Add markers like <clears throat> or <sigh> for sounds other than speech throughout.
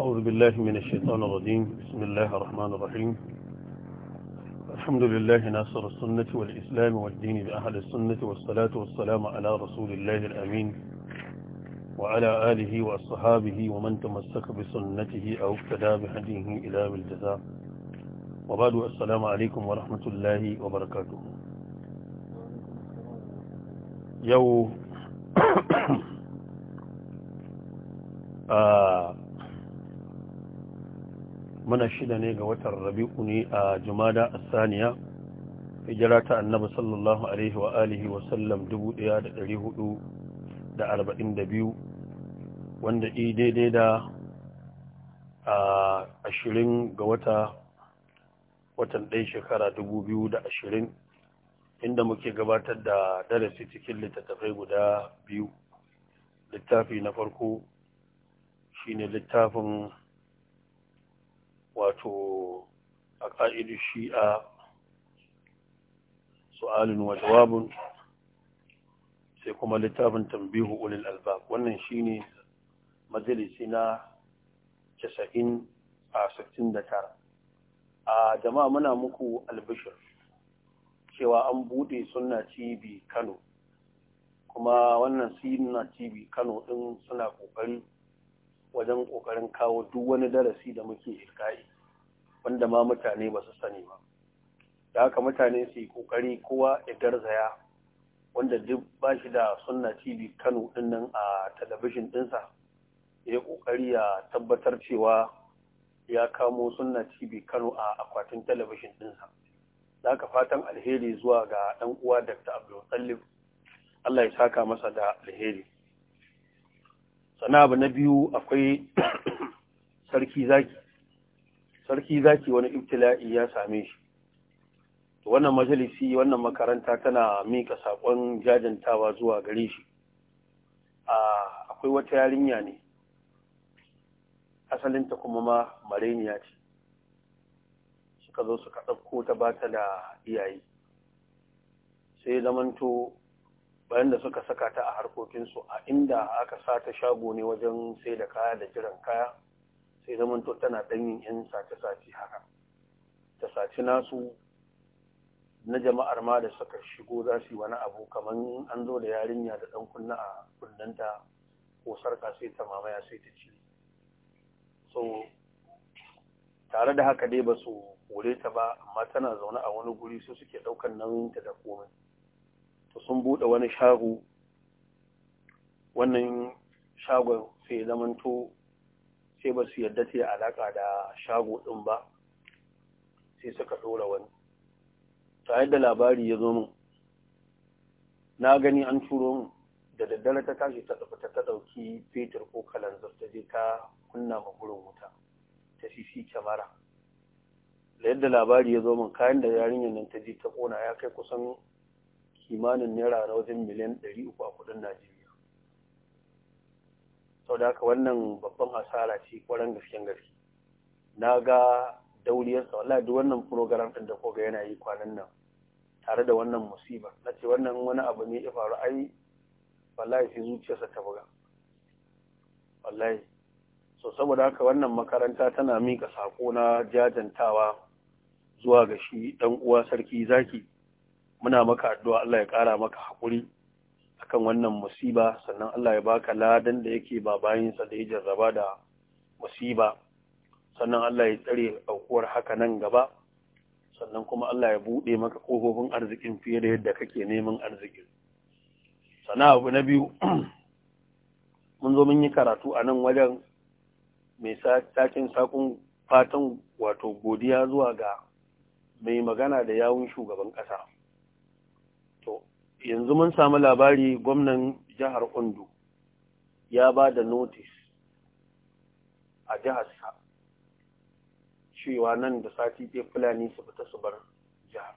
أعوذ بالله من الشيطان الرجيم بسم الله الرحمن الرحيم الحمد لله ناصر السنة والإسلام والدين بأهل السنة والصلاة والسلام على رسول الله الأمين وعلى آله وأصحابه ومن تمسك بسنته أو افتدى بهديه إلى بالجزاء وبعد السلام عليكم ورحمة الله وبركاته يو <coughs> آه Mana shida ne ga watan rabi'u ne a jumada asaniya hijira ta annabi sallallahu alaihi wa alihi wa sallam 1442 wanda i daidai da a ashirin ga wata watan ɗaya shekara da 2020 inda muke gabatar da darasi cikin littattafai guda biyu littafi na farko shine littafin wato a shi shi'a su'alin wa jawabin sai kuma littafin tambihu ulil albab wannan shi ne majalisi na 90 a da tara. a jama'a muna muku albishir cewa an buɗe suna cibi kano kuma wannan suna cibi kano din suna ƙoƙari. wajen ƙoƙarin kawo duk wani darasi da muke ilka'i wanda ma mutane ba su sani ba da haka mutane su yi ƙoƙari kowa ya garzaya wanda duk ba shi da sunna tv kano dinnan a talabijin ɗinsa ya ƙoƙari ya tabbatar cewa ya kamo sunna tv kano a akwatin talabijin ɗinsa da haka fatan alheri zuwa ga ɗan uwa dr abdulsalif allah ya saka masa da alheri sana abu na biyu akwai <coughs> sarki zaki sarki zaki wani ibtila'i ya same shi wannan majalisi wannan makaranta tana mika sakon jajantawa zuwa gare shi akwai wata yarinya ne asalinta kuma ma mareniya ce suka zo suka ɗauko ta ba ta da iyaye sai zamanto bayan da suka saka ta a harkokinsu a inda aka sa ta shago ne wajen sai da kaya da jiran kaya sai zamanto tana ɗanyin 'yan sace-sace haka ta saci nasu na jama'ar ma da suka shigo za su yi wani abu kamar an zo da yarinya da ɗan kunna a kundanta ko sarka sai ta mamaya sai ta ci so tare da haka dai ba su kore ta ba amma tana zaune a wani guri su suke ɗaukar nauyinta da komai sun buɗe wani shago wannan shagon sai zamanto sai ba su yarda ta alaƙa da shago ɗin ba sai suka ɗora wani ta yadda labari ya zo min na gani an turo min da daddare ta tashi ta tafi ta ɗauki fetur ko kalanzar ta je ta kunna ma gurin wuta ta sisi kyamara da yadda labari ya zo min kayan da yarinyar nan ta je ta ƙona ya kai kusan kimanin naira na wajen miliyan 300 a kudin najeriya sau da haka wannan babban asara ce kwaran gasken gaske na ga dauriyarsa wallahi duk wannan program ɗin da koga yana yi kwanan nan tare da wannan musibar na ce wannan wani abu ne ya faru ai wallahi sai zuciyarsa ta buga wallahi so saboda haka wannan makaranta tana mika sako na jajantawa zuwa ga shi dan uwa sarki zaki muna maka addu'a Allah ya ƙara maka haƙuri akan wannan musiba sannan Allah ya baka ladan da yake ba bayansa da ya jarraba da musiba sannan Allah ya tsare aukuwar haka nan gaba sannan kuma Allah ya buɗe maka ƙofofin arzikin fiye da yadda kake neman arziki sana abu na biyu <clears throat> mun zo mun yi karatu a nan wajen mai sakin sakon fatan wato godiya zuwa ga mai magana da yawun shugaban ƙasa yanzu mun samu labari gwamnan jihar Ondo ya ba da notis a jiharsa cewa nan da sati ke fulani su fita su bar jihar.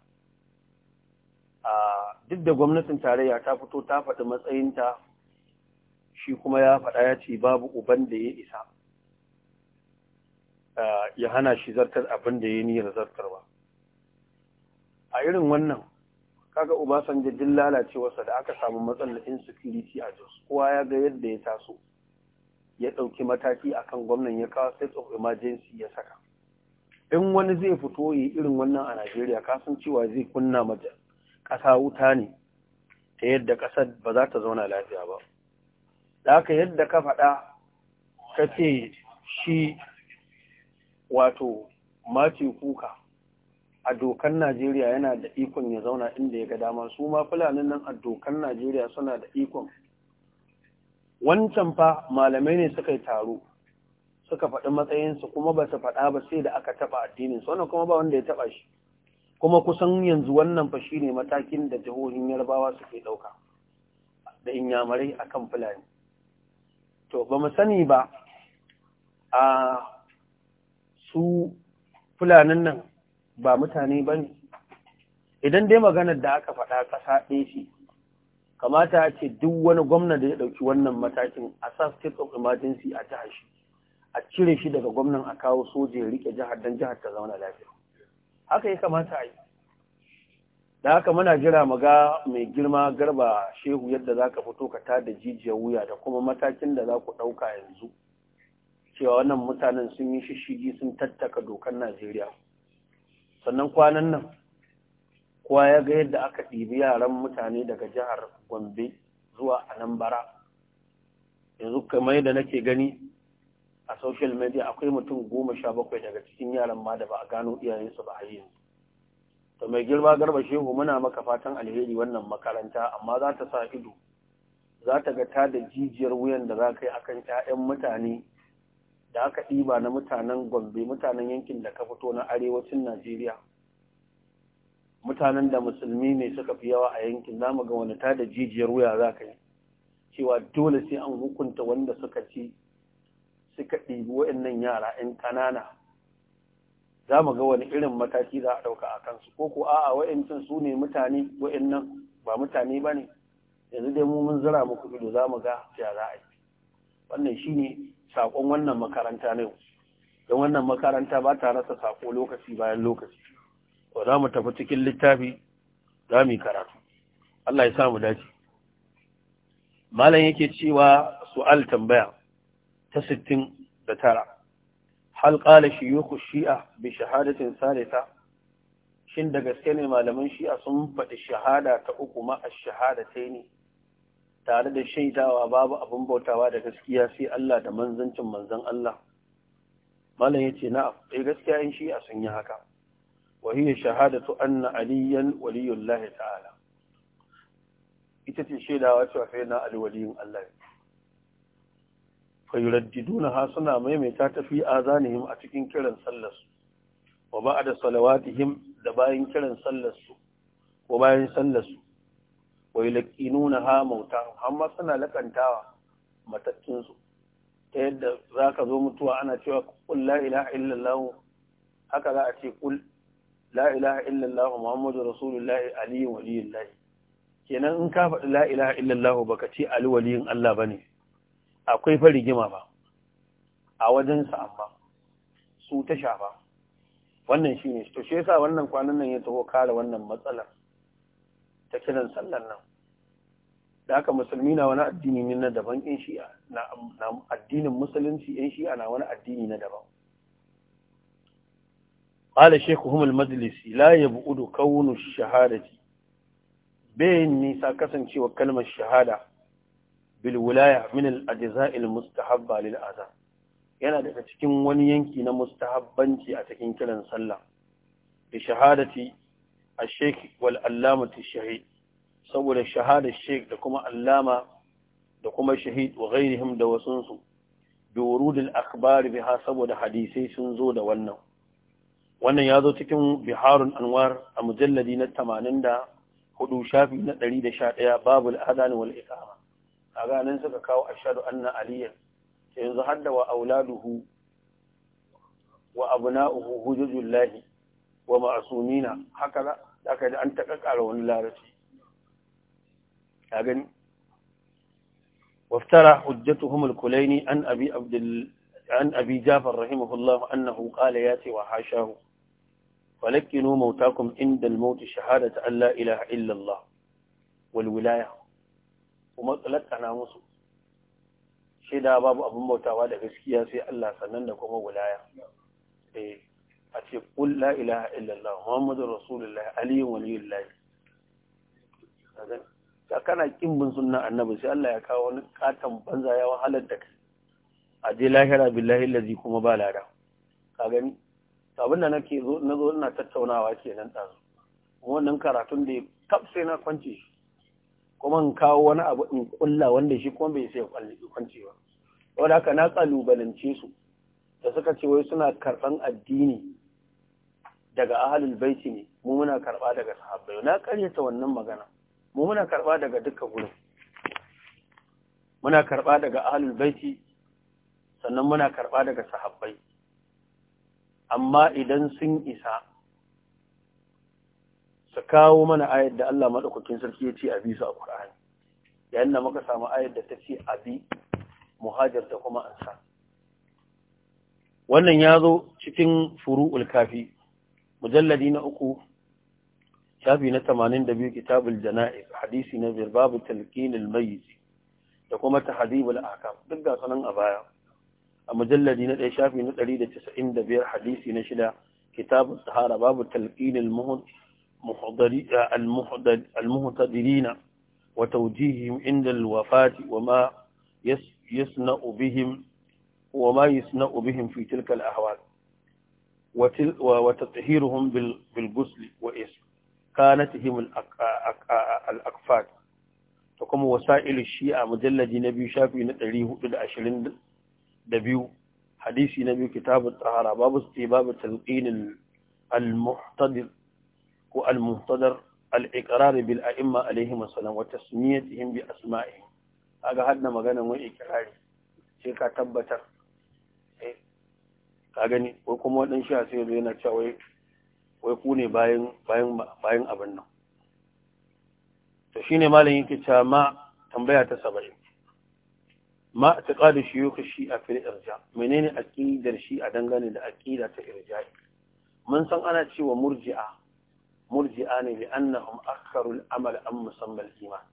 Duk da gwamnatin tarayya ta fito ta faɗi matsayinta shi kuma ya faɗa ya ce babu uban da ya isa eh, ya hana shi zartar abin da ya niyar zartarwa. A irin wannan kaga Obasanjo din lalacewarsa da aka samu matsalar insecurity a Jos kowa ya ga yadda ya taso ya ɗauki mataki akan gwamnan ya kawo state of emergency ya saka in wani zai fito yi irin wannan a Najeriya kasan cewa zai kunna mata ƙasa wuta ne ta yadda ƙasar ba za ta zauna lafiya ba da aka yadda ka faɗa ka ce shi wato mace kuka a dokan Najeriya yana da ikon ya zauna inda ya ga dama su ma fulanin nan a dokan Najeriya suna da ikon wancan fa malamai ne suka yi taro suka faɗi matsayinsu kuma ba su faɗa ba sai da aka taɓa addinin su wannan kuma ba wanda ya taɓa shi kuma kusan yanzu wannan fa ne matakin da jihohin yarbawa suke ɗauka da inyamarai akan fulani to ba mu sani ba a su fulanin nan ba mutane ba ne idan dai maganar da aka faɗa ƙasa ɗe shi, kamata a ce duk wani gwamna da ya ɗauki wannan matakin a sa state of emergency a jihar shi a cire shi daga gwamnan a kawo soja ya rike jihar don jihar ta zauna lafiya haka ya kamata a yi da haka muna jira maga mai girma garba shehu yadda za ka fito ka tada jijiyar wuya da kuma matakin da za ku ɗauka yanzu cewa wannan mutanen sun yi shishigi sun tattaka dokar najeriya sannan kwanan nan kowa ya ga yadda aka ɗibi yaran mutane daga jihar gombe zuwa anambara yanzu kamar yadda nake gani a social media akwai mutum goma sha bakwai daga cikin yaran ma da ba a gano iyayensu ba a yanzu to mai girma garba shehu muna maka fatan alheri wannan makaranta amma za ta sa ido za ta ga ta da jijiyar wuyan da za ka yi akan 'ya'yan mutane da aka ɗiba na mutanen gombe mutanen yankin da ka fito na arewacin najeriya mutanen da musulmi ne suka fi yawa a yankin za mu ga wani ta da jijiyar wuya za ka yi cewa dole sai an hukunta wanda suka ci suka ɗibi waɗannan yara 'yan ƙanana za mu ga wani irin mataki za a ɗauka a kansu ko ko a'a waɗancan su ne mutane waɗannan, ba mutane ba ne yanzu dai mu mun zira muku ido za mu ga ya za a yi wannan shi ne sakon wannan makaranta na yau don wannan makaranta ba ta rasa sako lokaci bayan lokaci ba za mu tafi cikin littafi za mu yi karatu Allah ya sa mu dace malam yake cewa su'al tambaya ta sittin da tara hal qala ku shi'a bi shahadatin salisa shin da gaske ne malaman shi'a sun faɗi shahada ta uku ma ash ne tare da shaidawa babu abin bautawa da gaskiya sai Allah da manzancin manzan Allah malam ce na eh gaskiya in shi a sun yi haka wa hiya shahadatu anna aliyan waliyullahi ta'ala ita ce shaidawa cewa sai na ali waliyin Allah fa yuraddiduna ha suna maimaita ta fi azanihim a cikin kiran sallar su wa ba'da salawatihim da bayan kiran sallar su ko bayan sallar su wa nuna ha mauta amma suna lakantawa matattunsu. su ta yadda za ka zo mutuwa ana cewa kul la ilaha illallah haka za a ce kul la ilaha illallah Muhammadu, rasulullahi ali waliyullah kenan in ka faɗi la ilaha illallah baka ce ali waliyin Allah bane akwai fari gima ba a wajen sa amma su ta shafa wannan shi ne to shi yasa wannan kwanan nan ya taho kare wannan matsalar ta kiran sallar nan da haka musulmi na wani addini ne na daban yan shi'a na addinin musulunci in shi'a na wani addini na daban qala shaykhuhum al-majlis la yab'udu kawnu shahadaci. shahadati bayin nisa kasancewa kalmar shahada bil wilaya min al-ajza' al-mustahabba lil adhan yana daga cikin wani yanki na mustahabbanci a cikin kiran sallah da shahadati a sheik wal allamatu shahid saboda shahadar sheik da kuma allama da kuma shahid wa ghairihim da wasunsu bi wurudil akhbar biha saboda hadisai sun zo da wannan wannan ya zo cikin biharin anwar a mujalladi na tamanin da 84 shafi na daya babu adhan wal iqama kaga nan suka kawo ashhadu anna aliyan sai yanzu hadda wa auladuhu wa abna'uhu hujujullahi wa ma'sumina hakaza za ka ji an ƙara wani larabci a gani waftara hujjatu al-kulaini an abi abdul an abi jafar rahimahullah annahu qala ya ce wa hashahu falakinu mautakum inda al-maut shahadatu an la ilaha illa Allah kuma tsalakana musu shaida babu abin bautawa da gaskiya sai Allah sannan da kuma wulaya. eh a ce qul la ilaha illallah muhammadur rasulullah ali waliyullah ka kana kin bin sunnan annabi sai Allah ya kawo wani katon banza ya wahalar da kai a je lahira billahi allazi kuma ba lada ka gani abin da nake zo na zo ina tattaunawa kenan ɗazu wannan karatun da kaf sai na kwance kuma in kawo wani abu in kulla wanda shi kuma bai sai kwance ba wanda haka na kalubalance su da suka ce wai suna karɓan addini daga ahalul baiti ne mu muna karba daga sahabbai na karyata wannan magana mu muna karba daga duka gurin muna karba daga ahalul baiti sannan muna karba daga sahabbai amma idan sun isa su kawo mana ayar da Allah madaukakin sarki ya ce a bi su a Qur'ani yayin da muka samu ayar da ta ce a bi muhajir da kuma ansar wannan ya zo cikin furu'ul kafi مجلد نأقو شابي نتمانين دبيو كتاب الجنائز حديثي نبير باب تلقين الميت يقوم تحديب الأحكام بلقى صنان أبايا مجلد نتأي شابي نتأليد تسعين حديث حديثي نشلا كتاب الصهارة باب تلقين المهد المهتدرين وتوجيههم عند الوفاة وما يسنأ بهم وما يصنع بهم في تلك الأحوال وتطهيرهم بالغسل وإسم كانتهم الاقفال وكما وسائل الشيعة مجلد نبي شافي نتعليه إلى عشرين دبيو حديث نبي كتاب الطهارة باب استباب تلقين المحتضر والمحتضر الإقرار بالأئمة عليهم السلام وتسميتهم بأسمائهم هذا هذا مغانا وإقراري شيكا تبتر ka gani ko kuma wadan shi sai zai na cewa wai ku ne bayan bayan bayan abin nan to shine malam yake cewa ma tambaya ta 70 ma taqadu shi a fil irja menene aqidar a dangane da aqida ta irja mun san ana cewa murji'a murji'a ne annahum akharu al-amal am musamma al-iman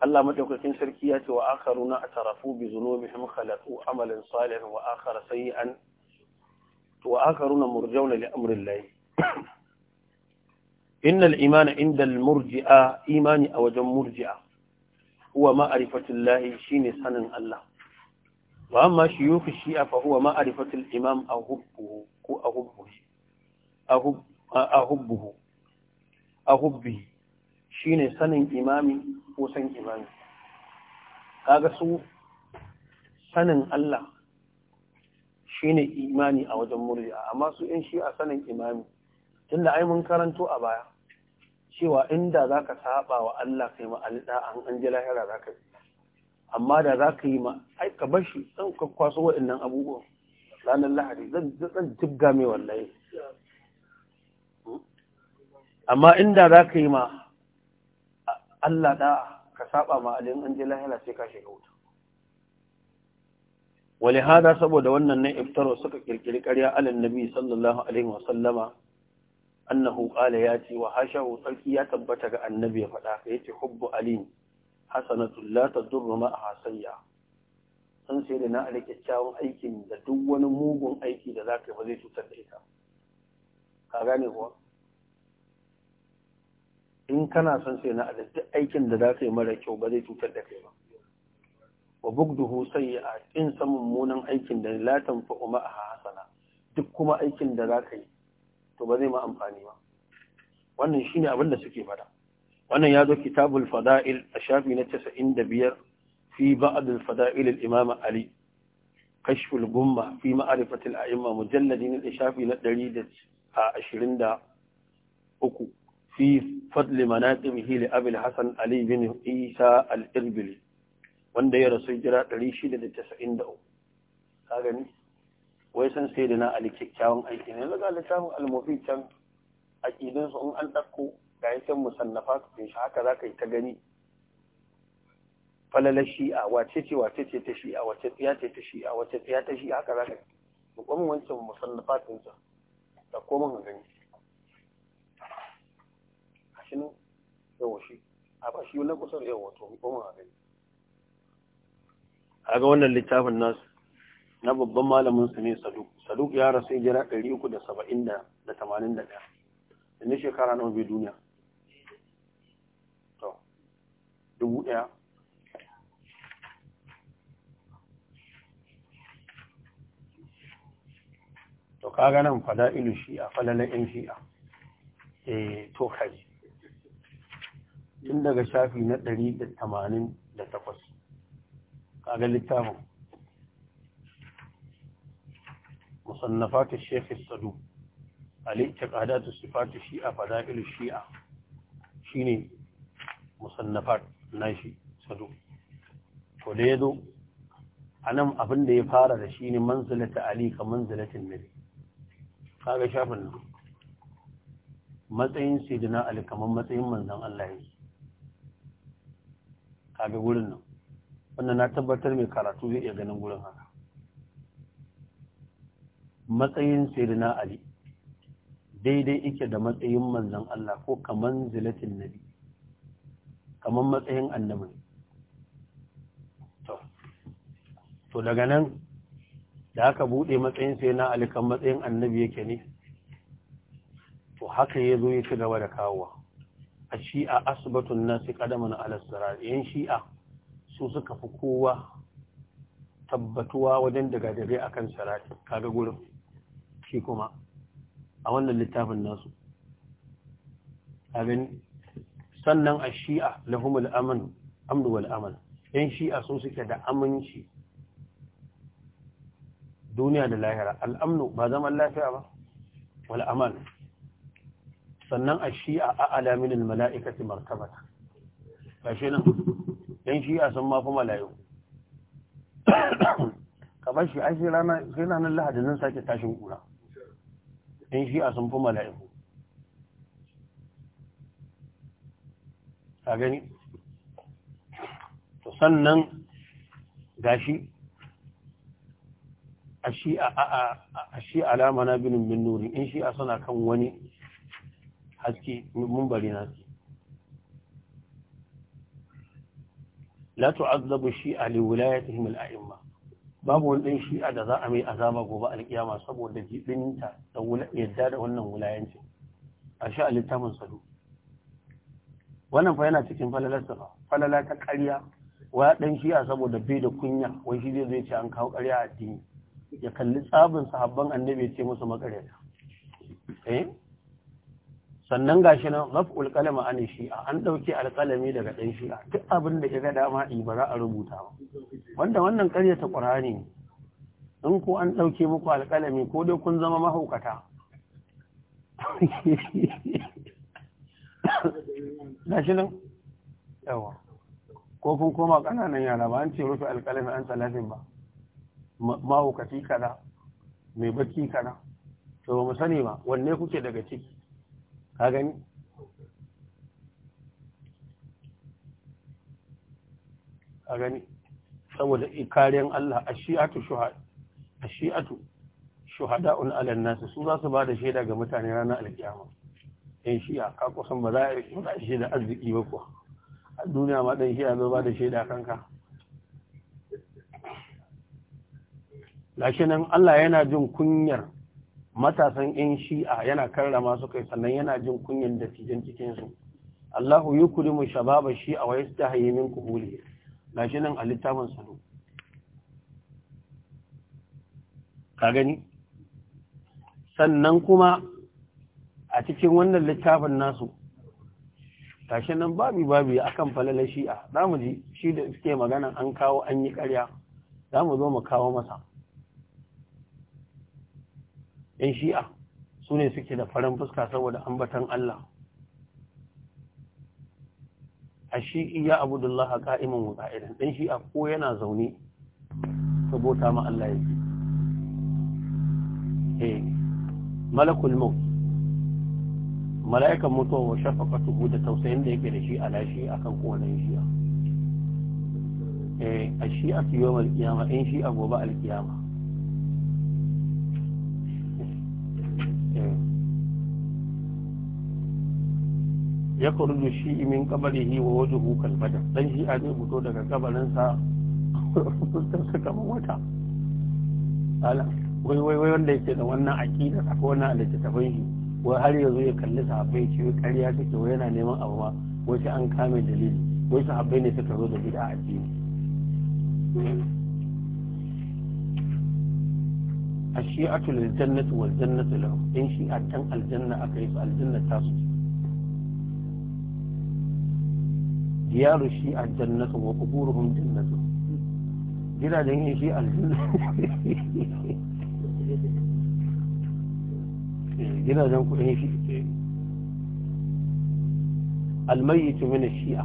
Allah madaukakin sarki ya ce wa akharuna atarafu bi zunubihim khalaqu amalan salihan wa akhar sayyi'an to akharuna murjauna li amri llahi innal imana inda murji'a imani a wajen murji'a huwa ma'rifatul lahi shine sanin Allah wa amma shuyukh shi'a fa huwa ma'rifatul imam ahubbuhu ko ahubbuhu ahub shine sanin imami ko san imami kaga su sanin Allah shine imani a wajen murji'a amma su in shi a sanin imami da ai mun karanto a baya cewa inda za ka saba wa Allah kai ma alda an an ji lahira zaka yi amma da za ka yi ma ai ka bar shi dan ka kwaso waɗannan abubuwan ranar lahadi zan zan jibga mai wallahi amma inda za ka yi ma Allah da ka saba ma alin an ji lahira sai ka shiga wuta wali hada saboda wannan ne iftaro suka kirkiri ƙarya alal nabi sallallahu alaihi wa sallama annahu qala yati wa hashahu sarki ya tabbata ga annabi ya faɗa ka yace hubbu ali hasanatu la tadurru ma hasayya san sai da na alike cawo aikin da duk wani mugun aiki da zaka ba zai cutar da ita ka gane kuwa in kana son sai na alike aikin da zaka yi mara kyau ba zai cutar da kai ba wa bugduhu a in san mummunan aikin da la tanfa'u ma hasana duk kuma aikin da zaka yi to ba zai ma amfani ba wannan shine abin da suke fada wannan ya zo kitabul fada'il a shafi na 95 fi ba'd al fada'il al imam ali kashf al gumma fi ma'rifat al a'imma mujalladin al shafi na 123 في فضل مناقبه لأبي الحسن علي بن عيسى الإربلي wanda ya rasu jira 693 ka gani wai san sai da na ali kyakkyawan aiki ne daga littafin almofi can su in an ɗakko ga yakin musannafa su shi haka za ka yi ta gani falalar shi'a wace ce wace ce ta shi'a wace tsiya ce ta shi'a wace tsiya ta shi'a haka za ka yi mukwam wancan musannafa ta sa da komin gani a shi nan yawa shi a ba shi na kusan yawa to mukwam gani a ga wannan littafin nasu na babban malamin su ne saduk saduk ya rasu jira 371 da shekara na bai duniya to dubu daya to kaga nan fada'ilu shi'a falalan yan shi'a e to kaji tun daga shafi na 188 قال littafin مصنفات الشيخ الصدوق الاعتقادات الصفات الشيعة فضائل الشيعة شيني مصنفات ناشي صدوق وليدو أنا أبن دي فارة شيني منزلة علي كمنزلة النبي قال شافنا matsayin سيدنا ali kamar matsayin منزل الله yake kage gurin wannan na tabbatar mai karatu zai iya ganin gurin haka matsayin sirina ali daidai ike da matsayin manzan Allah ko kaman zilatin nabi kaman matsayin annabi to to daga nan da aka bude matsayin sirina ali kan matsayin annabi yake ne to haka ya zo ya ci gaba da kawowa a shi'a asibatun nasi kadaman alasara yan shi'a su suka fi kowa tabbatuwa wajen daga dare kan sarati kaga gurin shi kuma a wannan littafin nasu abin sannan a shi'a lahumul aman amdu wal aman yan shi'a su suke da aminci duniya da lahira al'amnu ba zaman lafiya ba wal aman sannan a shi'a a alaminin mala'ikati martabata ba shi nan dan shi a san mafi malayo ka ba shi ai sai ranar lahadi nan sake tashin kura dan shi a san fi malayo a gani sannan gashi a shi alama na binin bin nuri in shi a sana kan wani haske mun bari nasu Latu tu'azzabu shi'a li wilayatihim al-a'imma babu wani ɗan shi'a da za a mai azaba gobe alkiyama saboda jibinta da yadda da wannan wulayanci a sha littafin sadu wannan fa yana cikin falalarsa fa falala ta ƙarya wa ɗan shi'a saboda bai da kunya wai shi zai ce an kawo karya addini ya kalli tsabin sahabban annabi ya ce musu maƙaryata eh? sannan gashi nan raf'ul qalama an shi'a an dauke alqalami daga dan shi'a duk abin da kaga dama yi ba za a rubuta ba wanda wannan ta qur'ani in ko an dauke muku alqalami ko dai kun zama mahaukata gashi nan yawa ko kun koma kananan yara ba an ce rufe alƙalami an salafin ba mahaukati kana mai bacci kana to ba mu sani ba wanne kuke daga ciki ka gani ka gani saboda ikariyan Allah a shi'atu shuhada a shi'atu shuhada'un alal nas su za su ba da shaida ga mutane ranar alkiyama in shi'a ka kusan ba za a yi ba shaida arziki ba kuwa a duniya ma dan shi'a zo ba da shaida kanka lashe nan Allah yana jin kunyar matasan yan shi'a yana karrama su kai sannan yana jin kunyan dattijan cikin su Allahu yukrimu shababa shi'a wa yastahi min qubuli shi nan a littafin sa ka gani sannan kuma a cikin wannan littafin nasu shi nan babi babi akan falalar shi'a zamu ji shi da suke magana an kawo an yi ƙarya zamu zo mu kawo masa ‘yan shi'a su ne suke da farin fuska saboda ambatan Allah. A shi'i ya abu Allah a ƙa'imin wuta ɗan shi'a ko yana zaune sabota ma Allah ya ce. Eh, malakul Mau, mala'ikan mutuwa wa shafaka tuhu da tausayin da yake da shi eh, a lashi a kan kowane shi'a. A shi'a su yi wa malkiyama, ‘yan shi'a gobe alƙiyama. ya kurdu shi min kabarihi wa wajuhu kalbada dan shi a zai fito daga kabarinsa fuskarsa kamar wata ala wai wai wai wanda yake da wannan aqida a wannan littattafai shi wai har yanzu ya kalli sahabbai ce ƙarya take wai yana neman abu ma wai sai an kame dalili wai sahabbai ne suka zo da bid'a a a cikin الشيعة للجنة والجنة لهم إن شيعة الجنة أكيس الجنة تاسو diyaru shi aljannatu wa quburuhum jannatu gidajen yin shi aljanna gidajen kudin shi almayyitu min shi'a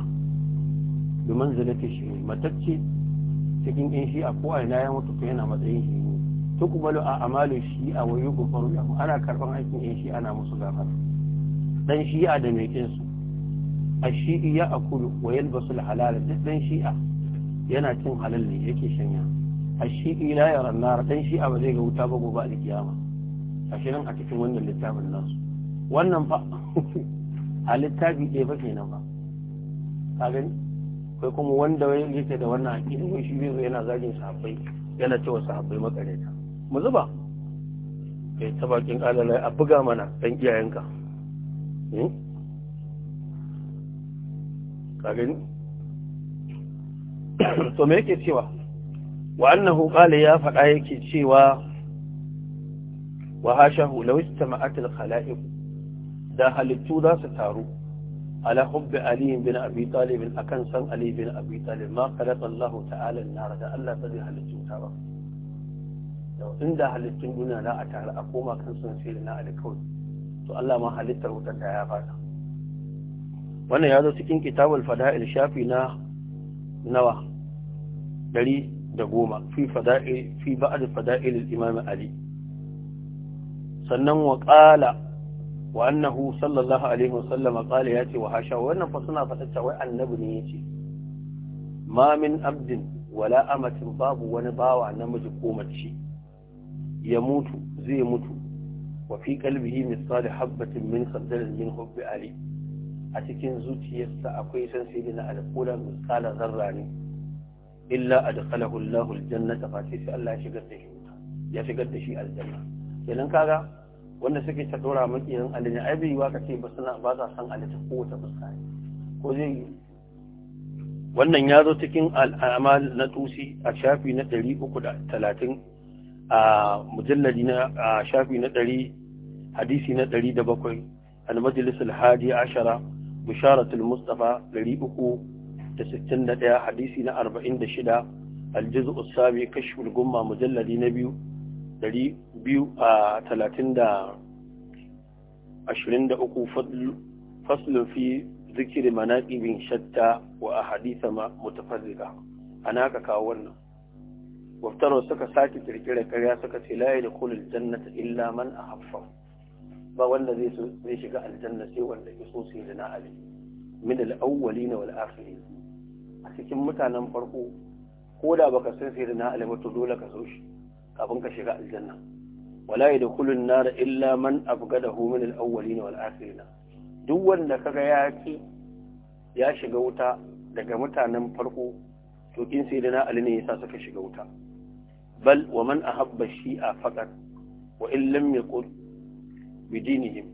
bi manzilati shi'i matacce cikin yan shi'a ko aina ya mutu ko yana matsayin shi tukbalu a amalu shi'a wa yughfaru lahu ana karban aikin yan shi'a ana musu gafara dan shi'a da mai kinsu ashi'i ya akulu wa yalbasu halal duk dan shi'a yana cin halal yake shanya ashi'i la yara nar dan shi'a ba zai ga wuta ba gobe a kiyama ashirin a cikin wannan littafin nasu wannan fa a littafi ɗaya fa kenan ba ka gani kuma wanda yake da wannan aƙida wai shi zai yana zagin sahabbai yana cewa sahabbai makareta mu zuba kai ta bakin kalala a buga mana dan iyayenka ka <coughs> to me yake cewa wa annahu qala ya faɗa yake cewa wa hashahu law istama'at al khala'iq da halittu za su taru ala hubbi ali bin abi talib akan san ali bin abi talib ma khalaqa Allah ta'ala an-nar da Allah ta zai halittu ta ba inda halittun duniya na a tare a koma kan sun sai na alkawai to Allah ma halittar wutar da ya fata wannan ya zo cikin kitabul fada'il shafi na nawa dari da goma fi fada'il fi ba'd fada'il imam ali sannan wa qala wa annahu sallallahu alaihi wasallam qala yace wa hasha wannan fa suna fadacce wai annabi ne yace ma min abdin wala amatin babu wani bawa namiji ko mace ya mutu zai mutu wa fi qalbihi misal habatin min khardalin min hubbi ali a cikin zuciyarsa akwai san sai na alƙula misala zarra ne illa adkhalahu Allahu aljannata fa sai Allah ya shigar da shi ya shigar da shi aljanna kenan kaga wanda suke ta dora maki aljanna ai bai ka ce ba suna ba sa san aljanna ko wata fuska ko zai wannan ya zo cikin al'amal na tusi a shafi na 330 a mujalladi na shafi na 100 hadisi na ɗari da bakwai al-hadi ashara bisharatul mustafa 361 hadisi na 46 aljizu usabi kashful gumma mujalladi na biyu 223 faslun fi zikiri manaƙibin shatta wa a hadisa mutafarrika ana haka kawo wannan waftarwa suka sake kirkirar karya suka ce layi da kulul jannata illa man a haffan ba wanda zai shiga aljanna sai wanda ya so sai na ali min al-awwalin wal akhirin a cikin mutanen farko ko da baka san sai na ali ba to dole ka so shi kafin ka shiga aljanna wala yadkhulu an-nar illa man abgadahu min al-awwalin wal akhirin duk wanda kaga ya ki ya shiga wuta daga mutanen farko to in sai na ali ne yasa suka shiga wuta bal wa man ahabba shi'a faqat wa in lam yaqul bidinihim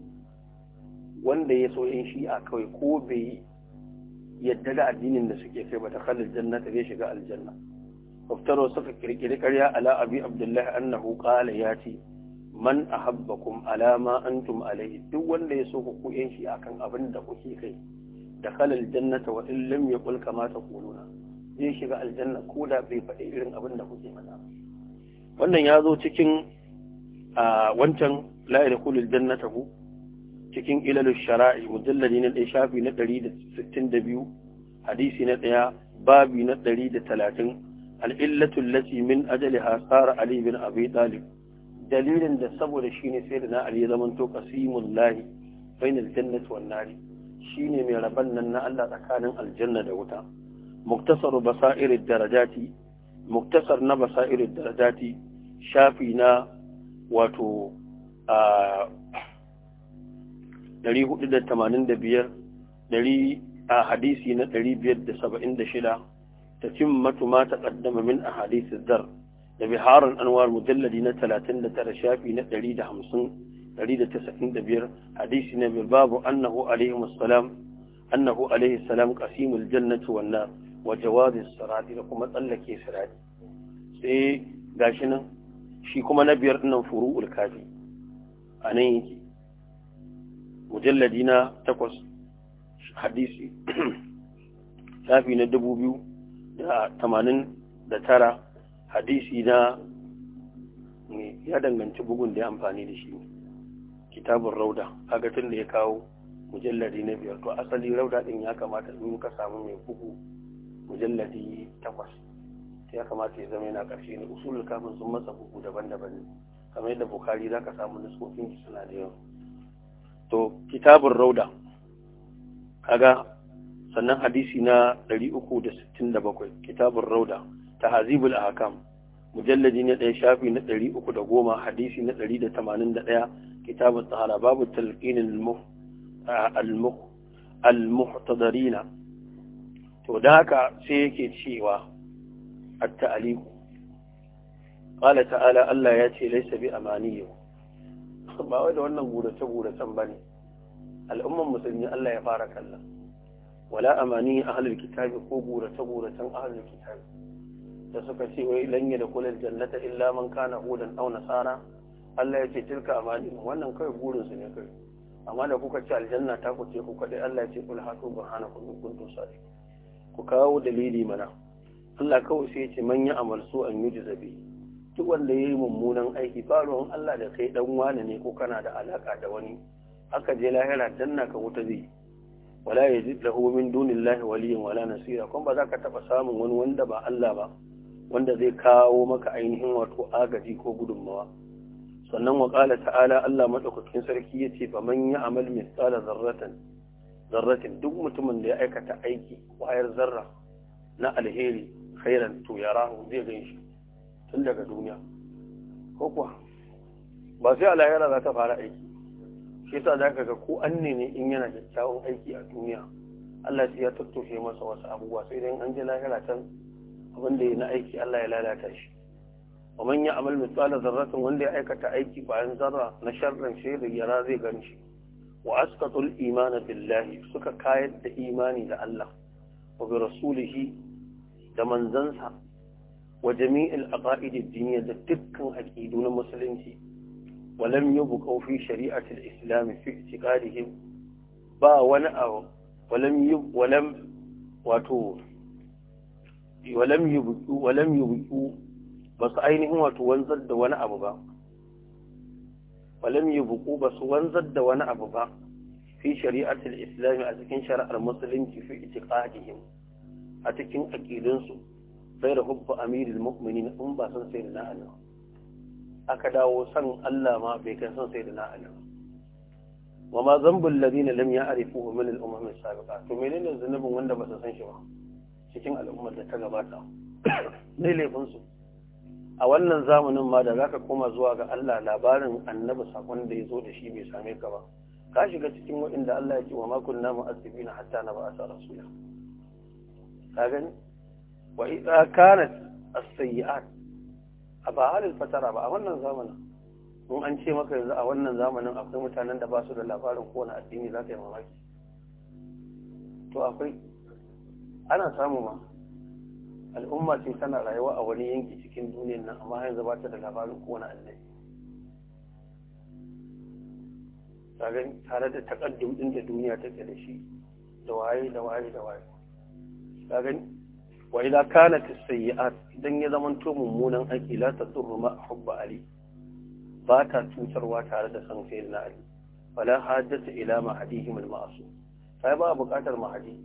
wanda ya so in shi'a kawai ko bai yadda da addinin da suke kai ba ta khalil jannata zai shiga aljanna waftaro suka kirkiri karya ala abi abdullahi annahu qala yati man ahabbakum ala ma antum alayhi duk wanda ya so ku ku yan shi kan abin da kuke kai da khalil jannata wa in lam yaqul kama taquluna zai shiga aljanna ko da bai faɗi irin abin da kuke faɗa wannan ya zo cikin wancan la yadkhulu aljannata hu cikin ilalul shara'i mujalladi na ɗaya shafi na 162 hadisi na ɗaya babi na 130 al'illatu allati min ajaliha sara ali bin abi talib dalilin da saboda shine sai da na ali ya zamanto qasimul lahi bainal jannati wan shine mai raban nan na Allah tsakanin aljanna da wuta muktasaru basairid darajati muktasar na basairid darajati shafi na wato a hadisi na 576 ta cin matu ma ta ƙaddama min a hadisi zar da biharin anwar mujalladi na 39 shafi na 195 hadisi na babu annahu alaihi musulam annahu alaihi salam kasimul jannatu wanna wa jawabin sarati da kuma tsallake sarati sai gashi shi kuma na biyar ɗinan furu ulkazi a nan yake mujalladi na takwas hadisi shafi na dubu biyu da tamanin da tara hadisi na ya danganci bugun da ya amfani da shi kitabun rauda agatun da ya kawo mujalladi na biyar to asali rauda din ya kamata in ka samu mai bugu mujalladi takwas ya kamata ya zama yana ƙarshe ne usulul kafin sun masa bugu daban-daban ne kamar yadda bukari za ka samu nutsofinki suna da yawa to kitabun rauda kaga sannan hadisi na 367 kitabun rauda ta hazibul ahkam mujalladi na ɗaya shafi na 310 hadisi na 181 kitabun tsahara babu talqinin al-muhtadarina to da haka sai yake cewa at aliku. qala ta'ala Allah ya ce laysa bi yau. ba wai da wannan gurace guracen bane al'umman musulmi Allah ya fara kallon wala amani ahlul kitabi ko gurace guracen ahlul kitabi da suka ce wai lan da kulal jannata illa man kana hudan aw nasara Allah ya ce tilka amani wannan kai gurin su ne kai amma da kuka ce aljanna ta ku ce ku kadai Allah ya ce kul hatu burhanakum in kuntum sadiqin ku kawo dalili mana Allah kawai sai ya ce man ya amal su an yi zabi duk wanda ya yi mummunan aiki ba ruwan Allah da kai dan wani ne ko kana da alaka da wani aka je lahira danna ka wuta zai wala yajid lahu min dunillahi waliyin wala nasira kuma ba za ka taɓa samun wani wanda ba Allah ba wanda zai kawo maka ainihin wato agaji ko gudunmawa sannan wa qala ta'ala Allah madaukakin sarki yace fa man amal mithqala zarratan zarratin duk mutumin da ya aikata aiki wayar zarra na alheri khairan to yarahu zai ganshi tun daga duniya ko kuwa ba sai alayara za ta fara aiki shi sa za ka ga ko an ne ne in yana kyakkyawan aiki a duniya Allah ya tattoshe masa wasu abubuwa sai dai an je lahira can abin da ya na aiki Allah ya lalata shi wa man ya amal mithqala zarratin wanda ya aikata aiki bayan zarra na sharrin shi da yara zai gan shi wa asqatul imana billahi suka kayar da imani da Allah wa bi rasulihi da manzansa وجميع العقائد الدينية دكا أكيدون مسلمتي ولم يبقوا في شريعة الإسلام في اعتقادهم با ونأوا ولم يب ولم واتو ولم يبقوا ولم يبقوا بس أينهم واتو دوانا أبو باق ولم يبقوا بس دوانا أبو باق في شريعة الإسلام أتكن شرع المسلمين في اعتقادهم أتكن أكيدنسو bai da hubba amiril mu'minin in ba san sai aka dawo san Allah ma bai kai san sai na ali wa ma zambul ladina lam ya'rifu min al-umam as-sabiqa to menene zunubin wanda ba su san shi ba cikin al'ummar da ta gabata ne <coughs> laifin su a wannan zamanin ma da zaka koma zuwa ga Allah labarin annabi sakon da ya zo da shi bai same ka ba ka shiga cikin waɗanda Allah ya ce wa ma kunna mu'azzibina hatta na ba'atha rasula ka gani wa idza kanat as-sayyi'at a ba halin fatara ba a wannan zamanin in an ce maka yanzu a wannan zamanin akwai mutanen da ba su da labarin kowane addini za ka yi mamaki to akwai ana samu ma al'umma ce tana rayuwa a wani yanki cikin duniyar nan amma yanzu ba ta da labarin kowane annabi tare da takaddum din da duniya take da shi da waye da waye da waye وإذا كانت السيئات دنيا زمن تومو مونا أكي لا تضر ما أحب علي باتا توتر واتا على دخن علي فلا حاجة إلى ما حديهم المعصوم فيبا بقات المعدي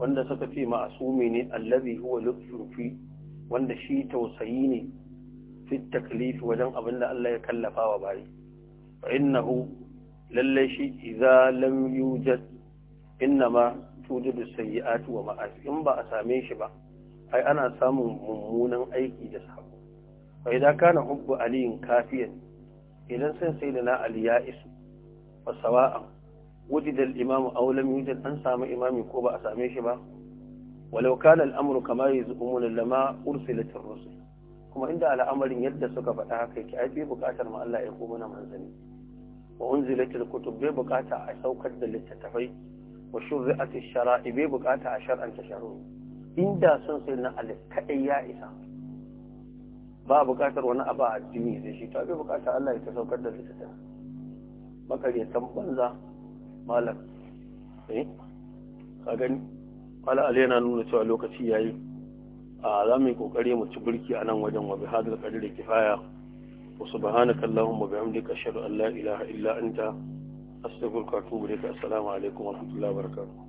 وأن سك في معصوميني الذي هو لطف في وأن شي توصييني في التكليف وجن أبن الله يكلفا وباري فإنه للي إذا لم يوجد إنما tujibu sayyi'atu wa ma'asi in ba a same shi ba ai ana samun mummunan aiki da sabo fa idan kana hubbu aliyin kafiyan idan san na ali ya isu fa sawa'an wujida al-imam aw lam yujid an samu imami ko ba a same shi ba walau kana al-amru kama yazumuna lama ursilat ar-rusul kuma inda al'amarin yadda suka faɗa haka ki ai bai buƙatar ma Allah ya koma na manzani. wa unzilatil kutub bai buƙata a saukar da littattafai wa shurri'ati shara'i bai bukata a shar'anta shari'u inda sun sai na alif kadai ya isa ba bukatar wani abu a addini da shi ta bai bukata Allah ya ta saukar da littafin makaryatan banza malam eh ka gani wala alaina nuna cewa lokaci yayi a za mu yi kokari mu ci burki a nan wajen wa bi hadal qadir kifaya wa subhanaka allahumma bihamdika ashhadu an la ilaha illa anta astaghfiruka wa atubu ilayk assalamu alaikum wa rahmatullahi wa barakatuh